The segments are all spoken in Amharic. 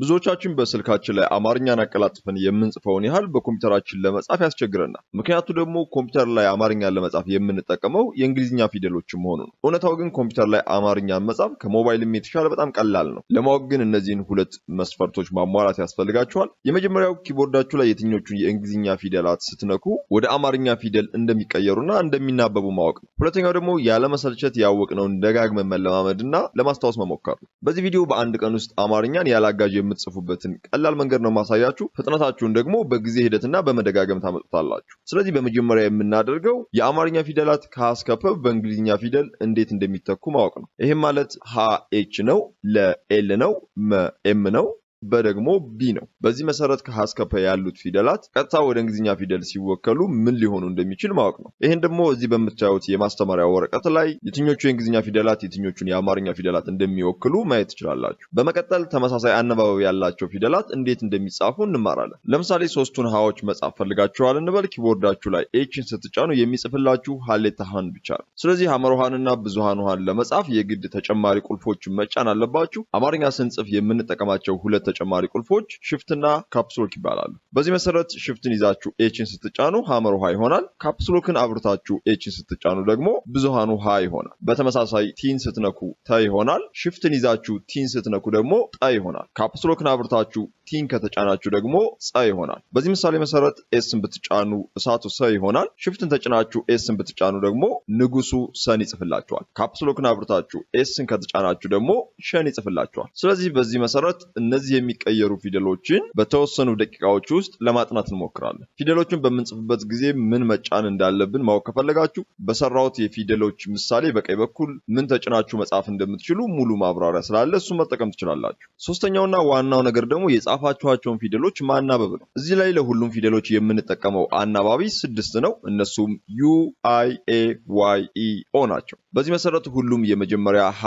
ብዙዎቻችን በስልካችን ላይ አማርኛን አቀላጥፈን የምንጽፈውን ያህል በኮምፒውተራችን ለመጻፍ ያስቸግረናል። ምክንያቱ ደግሞ ኮምፒውተር ላይ አማርኛን ለመጻፍ የምንጠቀመው የእንግሊዝኛ ፊደሎች መሆኑ ነው። እውነታው ግን ኮምፒውተር ላይ አማርኛን መጻፍ ከሞባይልም የተሻለ በጣም ቀላል ነው። ለማወቅ ግን እነዚህን ሁለት መስፈርቶች ማሟላት ያስፈልጋቸዋል። የመጀመሪያው ኪቦርዳችሁ ላይ የትኞቹን የእንግሊዝኛ ፊደላት ስትነኩ ወደ አማርኛ ፊደል እንደሚቀየሩና እንደሚናበቡ ማወቅ ነው። ሁለተኛው ደግሞ ያለመሰልቸት ያወቅነውን ደጋግመን መለማመድና ለማስታወስ መሞከር ነው። በዚህ ቪዲዮ በአንድ ቀን ውስጥ አማርኛን ያላጋዥ የምትጽፉበትን ቀላል መንገድ ነው ማሳያችሁ። ፍጥነታችሁን ደግሞ በጊዜ ሂደትና በመደጋገም ታመጡታላችሁ። ስለዚህ በመጀመሪያ የምናደርገው የአማርኛ ፊደላት ከሀ እስከ ፐ በእንግሊዝኛ ፊደል እንዴት እንደሚተኩ ማወቅ ነው። ይህም ማለት ሀ ኤች ነው፣ ለኤል ነው፣ መ ኤም ነው በ ደግሞ ቢ ነው። በዚህ መሰረት ከሀ እስከ ፐ ያሉት ፊደላት ቀጥታ ወደ እንግሊዝኛ ፊደል ሲወከሉ ምን ሊሆኑ እንደሚችል ማወቅ ነው። ይህን ደግሞ እዚህ በምታዩት የማስተማሪያ ወረቀት ላይ የትኞቹ የእንግሊዝኛ ፊደላት የትኞቹን የአማርኛ ፊደላት እንደሚወክሉ ማየት ትችላላችሁ። በመቀጠል ተመሳሳይ አነባበብ ያላቸው ፊደላት እንዴት እንደሚጻፉ እንማራለን። ለምሳሌ ሶስቱን ሀዎች መጻፍ ፈልጋችኋል እንበል። ኪቦርዳችሁ ላይ ኤችን ስትጫኑ የሚጽፍላችሁ ሀሌታ ሀን ብቻ ነው። ስለዚህ ሐመር ውሃንና ብዙሃን ውሃን ለመጻፍ የግድ ተጨማሪ ቁልፎችን መጫን አለባችሁ። አማርኛ ስንጽፍ የምንጠቀማቸው ሁለት ተጨማሪ ቁልፎች ሽፍትና ካፕስሎክ ይባላሉ። በዚህ መሰረት ሽፍትን ይዛችሁ ኤችን ስትጫኑ ሀመር ውሃ ይሆናል። ካፕስሎክን አብርታችሁ ኤችን ስትጫኑ ደግሞ ብዙሃኑ ውሃ ይሆናል። በተመሳሳይ ቲን ስትነኩ ተ ይሆናል። ሽፍትን ይዛችሁ ቲን ስትነኩ ደግሞ ጠ ይሆናል። ካፕስሎክን አብርታችሁ ቲን ከተጫናችሁ ደግሞ ፀ ይሆናል። በዚህ ምሳሌ መሰረት ኤስን ብትጫኑ እሳቱ ሰ ይሆናል። ሽፍትን ተጭናችሁ ኤስን ብትጫኑ ደግሞ ንጉሱ ሰን ይጽፍላችኋል። ካፕስሎክን አብርታችሁ ኤስን ከተጫናችሁ ደግሞ ሸን ይጽፍላችኋል። ስለዚህ በዚህ መሰረት እነዚህ የሚቀየሩ ፊደሎችን በተወሰኑ ደቂቃዎች ውስጥ ለማጥናት እንሞክራለን። ፊደሎችን በምንጽፍበት ጊዜ ምን መጫን እንዳለብን ማወቅ ከፈለጋችሁ በሰራሁት የፊደሎች ምሳሌ በቀኝ በኩል ምን ተጭናችሁ መጻፍ እንደምትችሉ ሙሉ ማብራሪያ ስላለ እሱ መጠቀም ትችላላችሁ። ሶስተኛውና ዋናው ነገር ደግሞ የጻፋችኋቸውን ፊደሎች ማናበብ ነው። እዚህ ላይ ለሁሉም ፊደሎች የምንጠቀመው አናባቢ ስድስት ነው። እነሱም ዩ፣ አይ፣ ኤ፣ ዋይ፣ ኢ፣ ኦ ናቸው። በዚህ መሰረት ሁሉም የመጀመሪያ ሀ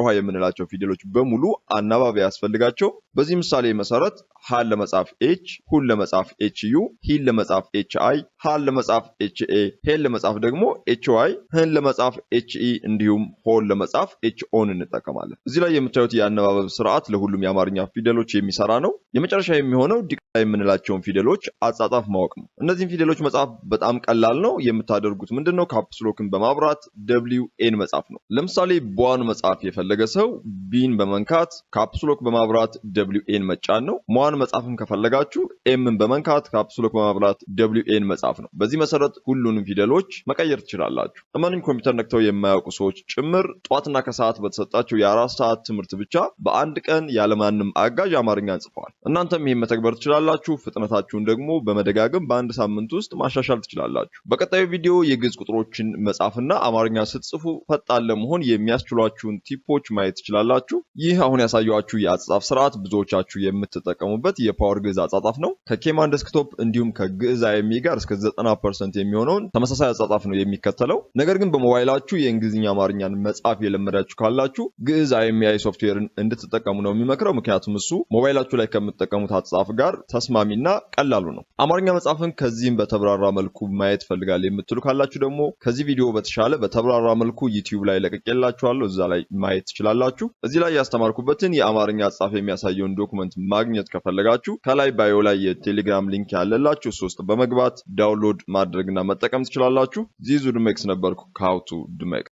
ውሃ የምንላቸው ፊደሎች በሙሉ አናባቢ ያስፈልጋቸው። በዚህ ምሳሌ መሰረት ሀን ለመጻፍ ኤች፣ ሁን ለመጻፍ ኤች ዩ፣ ሂን ለመጻፍ ኤች አይ፣ ሀን ለመጻፍ ኤች ኤ፣ ሄን ለመጻፍ ደግሞ ኤች ዋይ፣ ህን ለመጻፍ ኤች ኢ እንዲሁም ሆን ለመጻፍ ኤች ኦን እንጠቀማለን። እዚህ ላይ የምታዩት የአነባበብ ስርዓት ለሁሉም የአማርኛ ፊደሎች የሚሰራ ነው። ነው። የመጨረሻ የሚሆነው ዲቃላ የምንላቸውን ፊደሎች አጻጻፍ ማወቅ ነው። እነዚህን ፊደሎች መጻፍ በጣም ቀላል ነው። የምታደርጉት ምንድን ነው? ካፕስሎክን በማብራት ደብሊው ኤን መጻፍ ነው። ለምሳሌ ቧን መጻፍ የፈለገ ሰው ቢን በመንካት ካፕስሎክ በማብራት ደብሊው ኤን መጫን ነው። ሟን መጻፍም ከፈለጋችሁ ኤምን በመንካት ካፕስሎክ በማብራት ደብሊው ኤን መጻፍ ነው። በዚህ መሰረት ሁሉንም ፊደሎች መቀየር ትችላላችሁ። እማንም ኮምፒውተር ነክተው የማያውቁ ሰዎች ጭምር ጠዋትና ከሰዓት በተሰጣቸው የአራት ሰዓት ትምህርት ብቻ በአንድ ቀን ያለማንም አጋዥ አማርኛ ጽፏል። ተጽፏል። እናንተም ይህን መተግበር ትችላላችሁ። ፍጥነታችሁን ደግሞ በመደጋገም በአንድ ሳምንት ውስጥ ማሻሻል ትችላላችሁ። በቀጣዩ ቪዲዮ የግዕዝ ቁጥሮችን መጻፍና አማርኛ ስትጽፉ ፈጣን ለመሆን የሚያስችሏችሁን ቲፖች ማየት ትችላላችሁ። ይህ አሁን ያሳየኋችሁ የአጻጻፍ ስርዓት ብዙዎቻችሁ የምትጠቀሙበት የፓወር ግዕዝ አጻጻፍ ነው። ከኬማን ደስክቶፕ እንዲሁም ከግዕዝ አይሚ ጋር እስከ 90 ፐርሰንት የሚሆነውን ተመሳሳይ አጻጻፍ ነው የሚከተለው። ነገር ግን በሞባይላችሁ የእንግሊዝኛ አማርኛን መጻፍ የለመዳችሁ ካላችሁ ግዕዝ አይሚ ሶፍትዌርን እንድትጠቀሙ ነው የሚመክረው። ምክንያቱም እሱ ሞባይላችሁ ላይ ከምትጠቀሙት አጻፍ ጋር ተስማሚና ቀላሉ ነው። አማርኛ መጽሐፍን ከዚህም በተብራራ መልኩ ማየት ፈልጋል የምትሉ ካላችሁ ደግሞ ከዚህ ቪዲዮ በተሻለ በተብራራ መልኩ ዩቲዩብ ላይ ለቅቄላችኋለሁ። እዛ ላይ ማየት ትችላላችሁ። እዚህ ላይ ያስተማርኩበትን የአማርኛ አጻፍ የሚያሳየውን ዶክመንት ማግኘት ከፈለጋችሁ ከላይ ባዮ ላይ የቴሌግራም ሊንክ ያለላችሁ ሶስት በመግባት ዳውንሎድ ማድረግና መጠቀም ትችላላችሁ። ዚዙ ድሜክስ ነበርኩ ካውቱ ድሜክስ